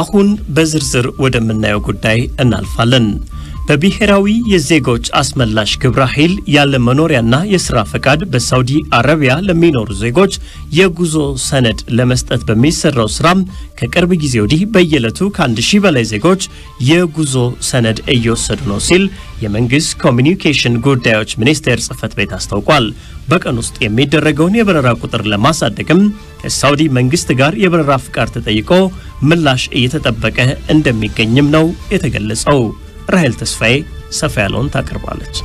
አሁን በዝርዝር ወደምናየው ጉዳይ እናልፋለን። በብሔራዊ የዜጎች አስመላሽ ግብረ ኃይል ያለ መኖሪያና የስራ ፈቃድ በሳውዲ አረቢያ ለሚኖሩ ዜጎች የጉዞ ሰነድ ለመስጠት በሚሰራው ስራም ከቅርብ ጊዜ ወዲህ በየዕለቱ ከአንድ ሺህ በላይ ዜጎች የጉዞ ሰነድ እየወሰዱ ነው ሲል የመንግስት ኮሚኒኬሽን ጉዳዮች ሚኒስቴር ጽህፈት ቤት አስታውቋል። በቀን ውስጥ የሚደረገውን የበረራ ቁጥር ለማሳደግም ከሳውዲ መንግስት ጋር የበረራ ፍቃድ ተጠይቆ ምላሽ እየተጠበቀ እንደሚገኝም ነው የተገለጸው። ራሄል ተስፋዬ ሰፋ ያለውን ታቀርባለች።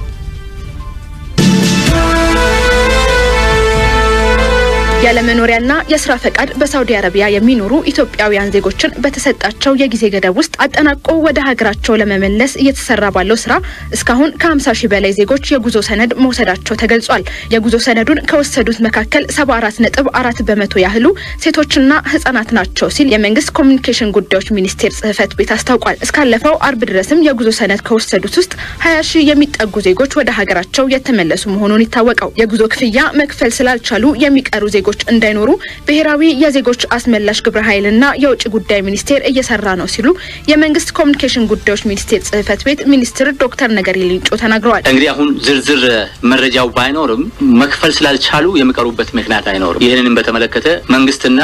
ያለመኖሪያና የስራ ፈቃድ በሳውዲ አረቢያ የሚኖሩ ኢትዮጵያውያን ዜጎችን በተሰጣቸው የጊዜ ገደብ ውስጥ አጠናቆ ወደ ሀገራቸው ለመመለስ እየተሰራ ባለው ስራ እስካሁን ከ50 ሺህ በላይ ዜጎች የጉዞ ሰነድ መውሰዳቸው ተገልጿል። የጉዞ ሰነዱን ከወሰዱት መካከል 74 ነጥብ 4 በመቶ ያህሉ ሴቶችና ህጻናት ናቸው ሲል የመንግስት ኮሚኒኬሽን ጉዳዮች ሚኒስቴር ጽህፈት ቤት አስታውቋል። እስካለፈው አርብ ድረስም የጉዞ ሰነድ ከወሰዱት ውስጥ 20 ሺህ የሚጠጉ ዜጎች ወደ ሀገራቸው የተመለሱ መሆኑን ይታወቀው የጉዞ ክፍያ መክፈል ስላልቻሉ የሚቀሩ ዜጎች ዜጎች እንዳይኖሩ ብሔራዊ የዜጎች አስመላሽ ግብረ ኃይልና የውጭ ጉዳይ ሚኒስቴር እየሰራ ነው ሲሉ የመንግስት ኮሚኒኬሽን ጉዳዮች ሚኒስቴር ጽህፈት ቤት ሚኒስትር ዶክተር ነገሪ ሌንጮ ተናግረዋል። እንግዲህ አሁን ዝርዝር መረጃው ባይኖርም መክፈል ስላልቻሉ የሚቀሩበት ምክንያት አይኖርም። ይህንንም በተመለከተ መንግስትና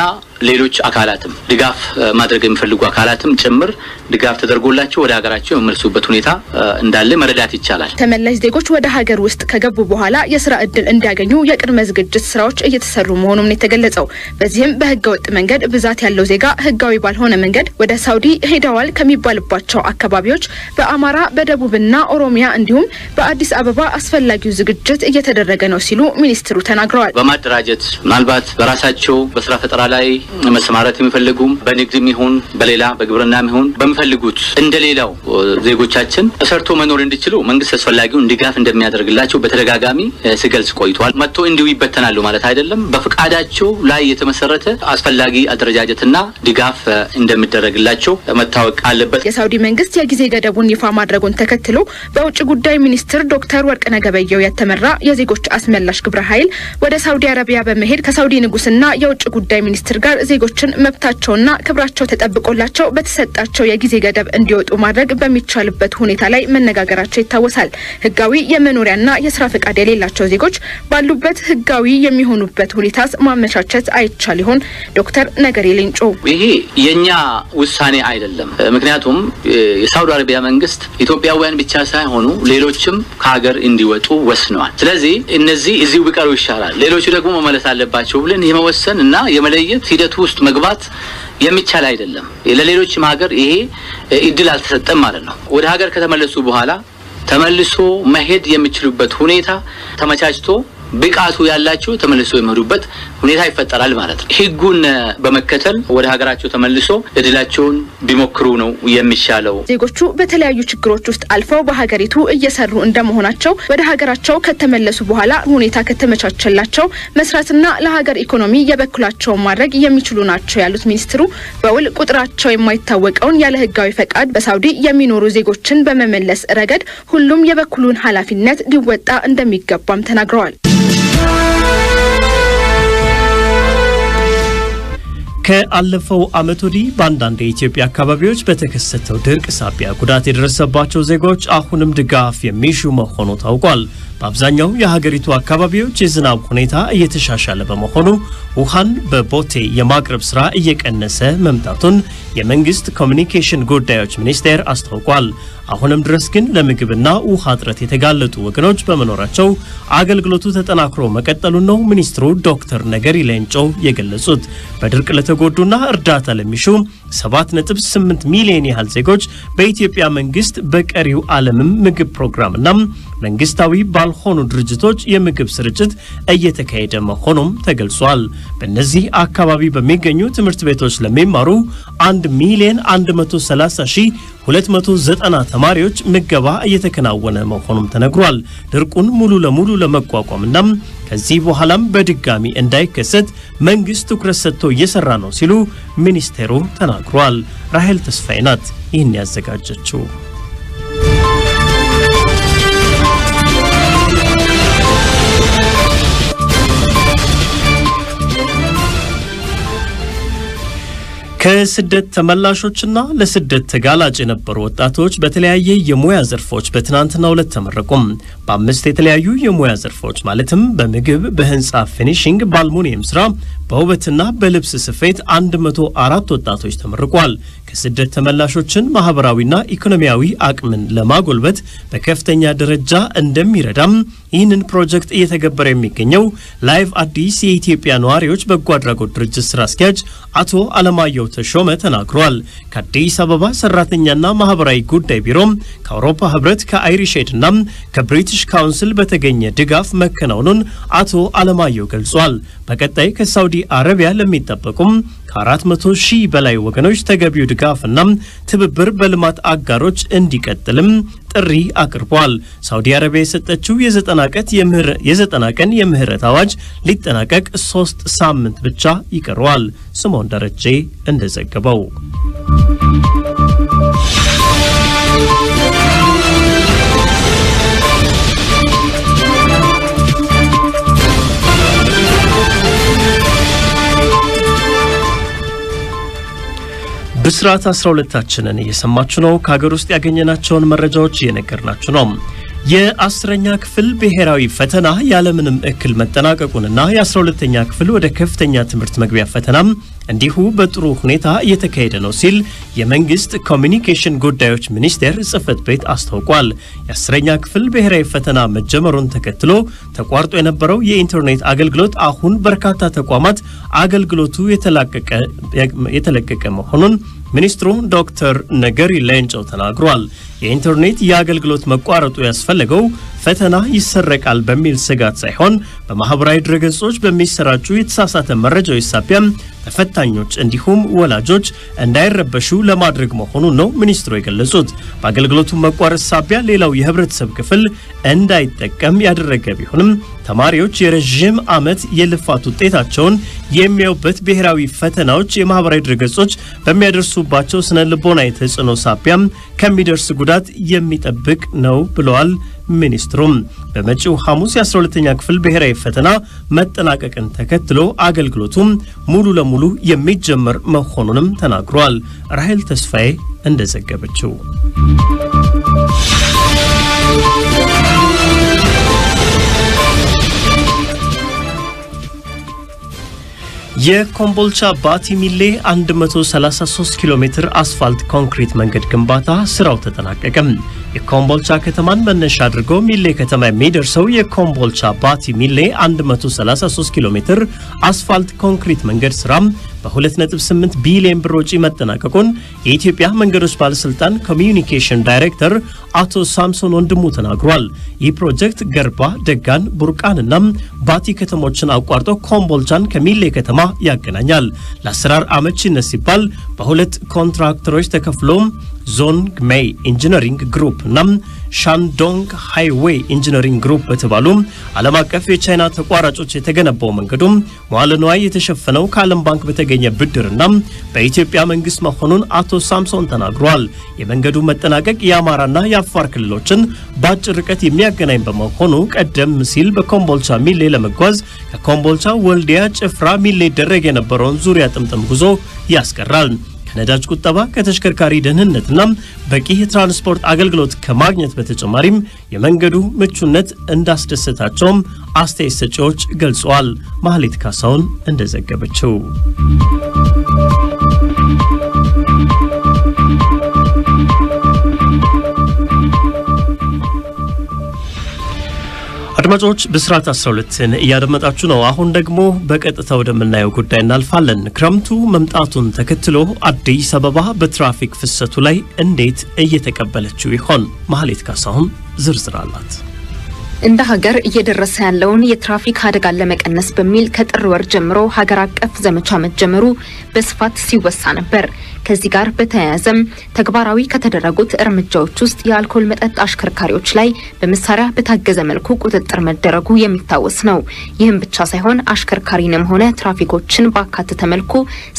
ሌሎች አካላትም ድጋፍ ማድረግ የሚፈልጉ አካላትም ጭምር ድጋፍ ተደርጎላቸው ወደ ሀገራቸው የሚመልሱበት ሁኔታ እንዳለ መረዳት ይቻላል። ተመላሽ ዜጎች ወደ ሀገር ውስጥ ከገቡ በኋላ የስራ እድል እንዲያገኙ የቅድመ ዝግጅት ስራዎች እየተሰሩ መሆኑም ነው የተገለጸው። በዚህም በህገ ወጥ መንገድ ብዛት ያለው ዜጋ ህጋዊ ባልሆነ መንገድ ወደ ሳውዲ ሄደዋል ከሚባልባቸው አካባቢዎች በአማራ በደቡብና ኦሮሚያ እንዲሁም በአዲስ አበባ አስፈላጊው ዝግጅት እየተደረገ ነው ሲሉ ሚኒስትሩ ተናግረዋል። በማደራጀት ምናልባት በራሳቸው በስራ ፈጠራ ላይ መሰማራት የሚፈልጉም በንግድም ይሁን በሌላ በግብርናም ይሁን በሚፈልጉት እንደሌላው ዜጎቻችን ሰርቶ መኖር እንዲችሉ መንግስት አስፈላጊውን ድጋፍ እንደሚያደርግላቸው በተደጋጋሚ ሲገልጽ ቆይቷል። መጥቶ እንዲሁ ይበተናሉ ማለት አይደለም። በፈቃዳቸው ላይ የተመሰረተ አስፈላጊ አደረጃጀትና ድጋፍ እንደሚደረግላቸው መታወቅ አለበት። የሳውዲ መንግስት የጊዜ ገደቡን ይፋ ማድረጉን ተከትሎ በውጭ ጉዳይ ሚኒስትር ዶክተር ወርቅነህ ገበየሁ የተመራ የዜጎች አስመላሽ ግብረ ኃይል ወደ ሳውዲ አረቢያ በመሄድ ከሳውዲ ንጉስና የውጭ ጉዳይ ሚኒስትር ጋር ዜጎችን መብታቸውና ክብራቸው ተጠብቆላቸው በተሰጣቸው የጊዜ ገደብ እንዲወጡ ማድረግ በሚቻልበት ሁኔታ ላይ መነጋገራቸው ይታወሳል። ህጋዊ የመኖሪያና የስራ ፈቃድ የሌላቸው ዜጎች ባሉበት ህጋዊ የሚሆኑበት ሁኔታስ ማመቻቸት አይቻል ይሆን? ዶክተር ነገሪ ሌንጮ ይሄ የእኛ ውሳኔ አይደለም። ምክንያቱም የሳውዲ አረቢያ መንግስት ኢትዮጵያውያን ብቻ ሳይሆኑ ሌሎችም ከሀገር እንዲወጡ ወስነዋል። ስለዚህ እነዚህ እዚሁ ቢቀሩ ይሻላል፣ ሌሎቹ ደግሞ መመለስ አለባቸው ብለን የመወሰን እና የመለየት ሂደት ውስጥ መግባት የሚቻል አይደለም። ለሌሎችም ሀገር ይሄ እድል አልተሰጠም ማለት ነው። ወደ ሀገር ከተመለሱ በኋላ ተመልሶ መሄድ የሚችሉበት ሁኔታ ተመቻችቶ ብቃቱ ያላቸው ተመልሶ የመሩበት ሁኔታ ይፈጠራል ማለት ነው። ህጉን በመከተል ወደ ሀገራቸው ተመልሶ እድላቸውን ቢሞክሩ ነው የሚሻለው። ዜጎቹ በተለያዩ ችግሮች ውስጥ አልፈው በሀገሪቱ እየሰሩ እንደመሆናቸው ወደ ሀገራቸው ከተመለሱ በኋላ ሁኔታ ከተመቻቸላቸው መስራትና ለሀገር ኢኮኖሚ የበኩላቸውን ማድረግ የሚችሉ ናቸው ያሉት ሚኒስትሩ በውል ቁጥራቸው የማይታወቀውን ያለ ህጋዊ ፈቃድ በሳውዲ የሚኖሩ ዜጎችን በመመለስ ረገድ ሁሉም የበኩሉን ኃላፊነት ሊወጣ እንደሚገባም ተናግረዋል። ከአለፈው ዓመት ወዲህ በአንዳንድ የኢትዮጵያ አካባቢዎች በተከሰተው ድርቅ ሳቢያ ጉዳት የደረሰባቸው ዜጎች አሁንም ድጋፍ የሚሹ መሆኑ ታውቋል። በአብዛኛው የሀገሪቱ አካባቢዎች የዝናብ ሁኔታ እየተሻሻለ በመሆኑ ውሃን በቦቴ የማቅረብ ስራ እየቀነሰ መምጣቱን የመንግስት ኮሚኒኬሽን ጉዳዮች ሚኒስቴር አስታውቋል። አሁንም ድረስ ግን ለምግብና ውሃ እጥረት የተጋለጡ ወገኖች በመኖራቸው አገልግሎቱ ተጠናክሮ መቀጠሉን ነው ሚኒስትሩ ዶክተር ነገሪ ሌንጮ የገለጹት። በድርቅ ለተጎዱና እርዳታ ለሚሹ 7.8 ሚሊዮን ያህል ዜጎች በኢትዮጵያ መንግስት በቀሪው ዓለምም ምግብ ፕሮግራምና መንግስታዊ ባልሆኑ ድርጅቶች የምግብ ስርጭት እየተካሄደ መሆኑም ተገልጿል። በእነዚህ አካባቢ በሚገኙ ትምህርት ቤቶች ለሚማሩ 1 ሚሊዮን 130 ሺህ 290 ተማሪዎች ምገባ እየተከናወነ መሆኑም ተነግሯል። ድርቁን ሙሉ ለሙሉ ለመቋቋምና ከዚህ በኋላም በድጋሚ እንዳይከሰት መንግስት ትኩረት ሰጥቶ እየሰራ ነው ሲሉ ሚኒስቴሩ ተናግሯል። ራሄል ተስፋዬ ናት ይህን ያዘጋጀችው። ከስደት ተመላሾችና ለስደት ተጋላጭ የነበሩ ወጣቶች በተለያየ የሙያ ዘርፎች በትናንትናው ዕለት ተመረቁም። በአምስት የተለያዩ የሙያ ዘርፎች ማለትም በምግብ፣ በህንፃ ፊኒሽንግ፣ በአልሙኒየም ስራ፣ በውበትና በልብስ ስፌት 104 ወጣቶች ተመርቋል። ከስደት ተመላሾችን ማህበራዊና ኢኮኖሚያዊ አቅምን ለማጎልበት በከፍተኛ ደረጃ እንደሚረዳም ይህንን ፕሮጀክት እየተገበረ የሚገኘው ላይቭ አዲስ የኢትዮጵያ ነዋሪዎች በጎ አድራጎት ድርጅት ስራ አስኪያጅ አቶ አለማየሁ ተሾመ ተናግሯል። ከአዲስ አበባ ሰራተኛና ማህበራዊ ጉዳይ ቢሮም ከአውሮፓ ህብረት ከአይሪሽ ኤድና ከብሪቲሽ ካውንስል በተገኘ ድጋፍ መከናወኑን አቶ አለማየሁ ገልጿል። በቀጣይ ከሳውዲ አረቢያ ለሚጠበቁም ከ መቶ ሺህ በላይ ወገኖች ተገቢው ድጋፍና ትብብር በልማት አጋሮች እንዲቀጥልም ጥሪ አቅርቧል። ሳውዲ አረቢያ የሰጠችው የዘጠና ቀን የምህረት አዋጅ ሊጠናቀቅ ሶስት ሳምንት ብቻ ይቀረዋል። ስምኦን ደረጄ እንደዘገበው ስርዓት 12ታችንን እየሰማችሁ ነው። ከሀገር ውስጥ ያገኘናቸውን መረጃዎች እየነገርናችሁ ነው። የአስረኛ ክፍል ብሔራዊ ፈተና ያለምንም እክል መጠናቀቁንና የ12ተኛ ክፍል ወደ ከፍተኛ ትምህርት መግቢያ ፈተናም እንዲሁ በጥሩ ሁኔታ እየተካሄደ ነው ሲል የመንግስት ኮሚኒኬሽን ጉዳዮች ሚኒስቴር ጽህፈት ቤት አስታውቋል። የአስረኛ ክፍል ብሔራዊ ፈተና መጀመሩን ተከትሎ ተቋርጦ የነበረው የኢንተርኔት አገልግሎት አሁን በርካታ ተቋማት አገልግሎቱ የተለቀቀ መሆኑን ሚኒስትሩ ዶክተር ነገሪ ሌንጮ ተናግሯል። የኢንተርኔት የአገልግሎት መቋረጡ ያስፈለገው ፈተና ይሰረቃል በሚል ስጋት ሳይሆን በማህበራዊ ድረገጾች በሚሰራጩ የተሳሳተ መረጃዎች ሳቢያም ተፈታኞች እንዲሁም ወላጆች እንዳይረበሹ ለማድረግ መሆኑን ነው ሚኒስትሩ የገለጹት። በአገልግሎቱ መቋረጥ ሳቢያ ሌላው የህብረተሰብ ክፍል እንዳይጠቀም ያደረገ ቢሆንም ተማሪዎች የረዥም ዓመት የልፋት ውጤታቸውን የሚያዩበት ብሔራዊ ፈተናዎች የማህበራዊ ድረገጾች በሚያደርሱባቸው ስነ ልቦናዊ ተጽዕኖ ሳቢያም ከሚደርስ ጉዳት የሚጠብቅ ነው ብለዋል። ሚኒስትሩም በመጪው ሐሙስ የ12ኛ ክፍል ብሔራዊ ፈተና መጠናቀቅን ተከትሎ አገልግሎቱም ሙሉ ለሙሉ የሚጀመር መሆኑንም ተናግሯል። ራሄል ተስፋዬ እንደዘገበችው የኮምቦልቻ ባቲ ሚሌ 133 ኪሎ ሜትር አስፋልት ኮንክሪት መንገድ ግንባታ ስራው ተጠናቀቀ። የኮምቦልቻ ከተማን መነሻ አድርጎ ሚሌ ከተማ የሚደርሰው የኮምቦልቻ ባቲ ሚሌ 133 ኪሎ ሜትር አስፋልት ኮንክሪት መንገድ ስራም በ2.8 ቢሊዮን ብር ወጪ መጠናቀቁን የኢትዮጵያ መንገዶች ባለስልጣን ኮሚዩኒኬሽን ዳይሬክተር አቶ ሳምሶን ወንድሙ ተናግሯል። ይህ ፕሮጀክት ገርባ፣ ደጋን፣ ቡርቃንና ባቲ ከተሞችን አቋርጦ ኮምቦልቻን ከሚሌ ከተማ ያገናኛል። ለአሰራር አመቺነት ሲባል በሁለት ኮንትራክተሮች ተከፍሎ ዞን ግሜይ ኢንጂነሪንግ ግሩፕ እና ሻንዶንግ ሃይዌይ ኢንጂነሪንግ ግሩፕ በተባሉ ዓለም አቀፍ የቻይና ተቋራጮች የተገነባው መንገዱም መዋለ ንዋይ የተሸፈነው ከዓለም ባንክ በተገኘ ብድርና በኢትዮጵያ መንግስት መሆኑን አቶ ሳምሶን ተናግሯል። የመንገዱ መጠናቀቅ የአማራና የአፋር ክልሎችን በአጭር ርቀት የሚያገናኝ በመሆኑ ቀደም ሲል በኮምቦልቻ ሚሌ ለመጓዝ ከኮምቦልቻ ወልዲያ ጭፍራ ሚሌ ይደረግ የነበረውን ዙሪያ ጥምጥም ጉዞ ያስቀራል። ነዳጅ ቁጠባ፣ ከተሽከርካሪ ደህንነትና በቂ የትራንስፖርት አገልግሎት ከማግኘት በተጨማሪም የመንገዱ ምቹነት እንዳስደሰታቸውም አስተያየት ሰጪዎች ገልጸዋል። ማህሌት ካሳውን እንደዘገበችው አድማጮች ብስራት 12ን እያደመጣችሁ ነው። አሁን ደግሞ በቀጥታ ወደምናየው ጉዳይ እናልፋለን። ክረምቱ መምጣቱን ተከትሎ አዲስ አበባ በትራፊክ ፍሰቱ ላይ እንዴት እየተቀበለችው ይሆን? ማህሌት ካሳሁን ዝርዝር አላት። እንደ ሀገር እየደረሰ ያለውን የትራፊክ አደጋን ለመቀነስ በሚል ከጥር ወር ጀምሮ ሀገር አቀፍ ዘመቻ መጀመሩ በስፋት ሲወሳ ነበር። ከዚህ ጋር በተያያዘም ተግባራዊ ከተደረጉት እርምጃዎች ውስጥ የአልኮል መጠጥ አሽከርካሪዎች ላይ በመሳሪያ በታገዘ መልኩ ቁጥጥር መደረጉ የሚታወስ ነው። ይህም ብቻ ሳይሆን አሽከርካሪንም ሆነ ትራፊኮችን ባካተተ መልኩ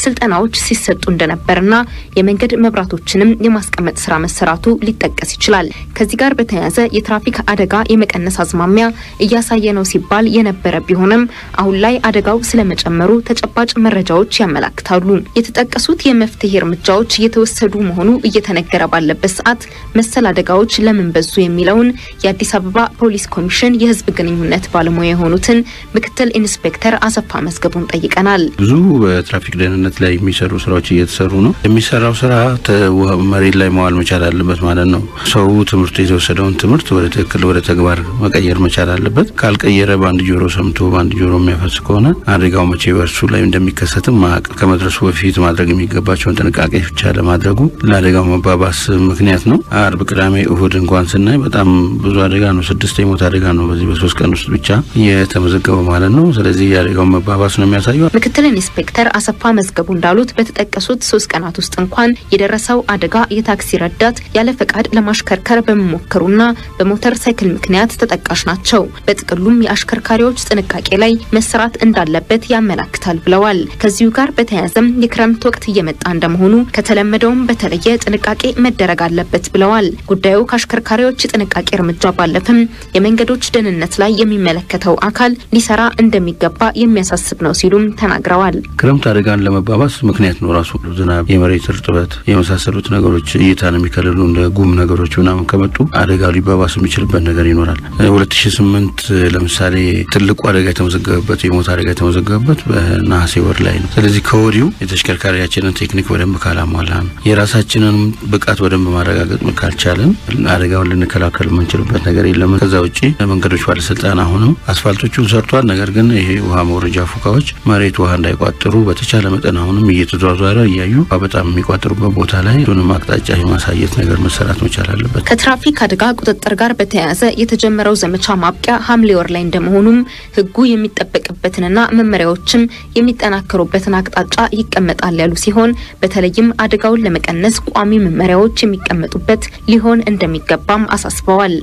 ስልጠናዎች ሲሰጡ እንደነበርና የመንገድ መብራቶችንም የማስቀመጥ ስራ መሰራቱ ሊጠቀስ ይችላል። ከዚህ ጋር በተያያዘ የትራፊክ አደጋ የመቀነስ ማስማሚያ እያሳየ ነው ሲባል የነበረ ቢሆንም አሁን ላይ አደጋው ስለመጨመሩ ተጨባጭ መረጃዎች ያመላክታሉ። የተጠቀሱት የመፍትሄ እርምጃዎች እየተወሰዱ መሆኑ እየተነገረ ባለበት ሰዓት መሰል አደጋዎች ለምን በዙ የሚለውን የአዲስ አበባ ፖሊስ ኮሚሽን የህዝብ ግንኙነት ባለሙያ የሆኑትን ምክትል ኢንስፔክተር አሰፋ መዝገቡን ጠይቀናል። ብዙ በትራፊክ ደህንነት ላይ የሚሰሩ ስራዎች እየተሰሩ ነው። የሚሰራው ስራ መሬት ላይ መዋል መቻል አለበት ማለት ነው። ሰው ትምህርት የተወሰደውን ትምህርት ወደ ትክክል ወደ ተግባር መቀየር መቻል አለበት። ካልቀየረ በአንድ ጆሮ ሰምቶ በአንድ ጆሮ የሚያፈስ ከሆነ አደጋው መቼ በእርሱ ላይ እንደሚከሰትም ማቅ ከመድረሱ በፊት ማድረግ የሚገባቸውን ጥንቃቄ ብቻ ለማድረጉ ለአደጋው መባባስ ምክንያት ነው። አርብ፣ ቅዳሜ፣ እሁድ እንኳን ስናይ በጣም ብዙ አደጋ ነው። ስድስት የሞት አደጋ ነው በዚህ በሶስት ቀን ውስጥ ብቻ የተመዘገበው ማለት ነው። ስለዚህ የአደጋው መባባስ ነው የሚያሳየው። ምክትል ኢንስፔክተር አሰፋ መዝገቡ እንዳሉት በተጠቀሱት ሶስት ቀናት ውስጥ እንኳን የደረሰው አደጋ የታክሲ ረዳት ያለ ፈቃድ ለማሽከርከር በመሞከሩና በሞተር ሳይክል ምክንያት ተጠቀ ተጠቃሽ ናቸው። በጥቅሉም የአሽከርካሪዎች ጥንቃቄ ላይ መሰራት እንዳለበት ያመላክታል ብለዋል። ከዚሁ ጋር በተያያዘም የክረምት ወቅት እየመጣ እንደመሆኑ ከተለመደውም በተለየ ጥንቃቄ መደረግ አለበት ብለዋል። ጉዳዩ ከአሽከርካሪዎች የጥንቃቄ እርምጃ ባለፈም የመንገዶች ደህንነት ላይ የሚመለከተው አካል ሊሰራ እንደሚገባ የሚያሳስብ ነው ሲሉም ተናግረዋል። ክረምት አደጋን ለመባባስ ምክንያት ነው ራሱ ዝናብ፣ የመሬት እርጥበት የመሳሰሉት ነገሮች እይታን የሚከልሉ እንደ ጉም ነገሮች ምናምን ከመጡ አደጋ ሊባባስ የሚችልበት ነገር ይኖራል። 2008 ለምሳሌ ትልቁ አደጋ የተመዘገበበት የሞት አደጋ የተመዘገበበት በነሐሴ ወር ላይ ነው። ስለዚህ ከወዲሁ የተሽከርካሪያችንን ቴክኒክ በደንብ ካላሟላን የራሳችንን ብቃት በደንብ ማረጋገጥ ካልቻለን አደጋውን ልንከላከል የምንችልበት ነገር የለም። ከዛ ውጭ ለመንገዶች ባለስልጣን አሁንም አስፋልቶቹን ሰርቷል። ነገር ግን ይሄ ውሃ መውረጃ ፉካዎች መሬት ውሃ እንዳይቋጥሩ በተቻለ መጠን አሁንም እየተዟዟረ እያዩ በጣም የሚቋጥሩበት ቦታ ላይ ሁንም አቅጣጫ የማሳየት ነገር መሰራት መቻል አለበት። ከትራፊክ አደጋ ቁጥጥር ጋር በተያያዘ የተጀመረው ዘመቻ ማብቂያ ሐምሌ ወር ላይ እንደመሆኑም ህጉ የሚጠበቅበትንና መመሪያዎችም የሚጠናከሩበትን አቅጣጫ ይቀመጣል ያሉ ሲሆን በተለይም አደጋውን ለመቀነስ ቋሚ መመሪያዎች የሚቀመጡበት ሊሆን እንደሚገባም አሳስበዋል።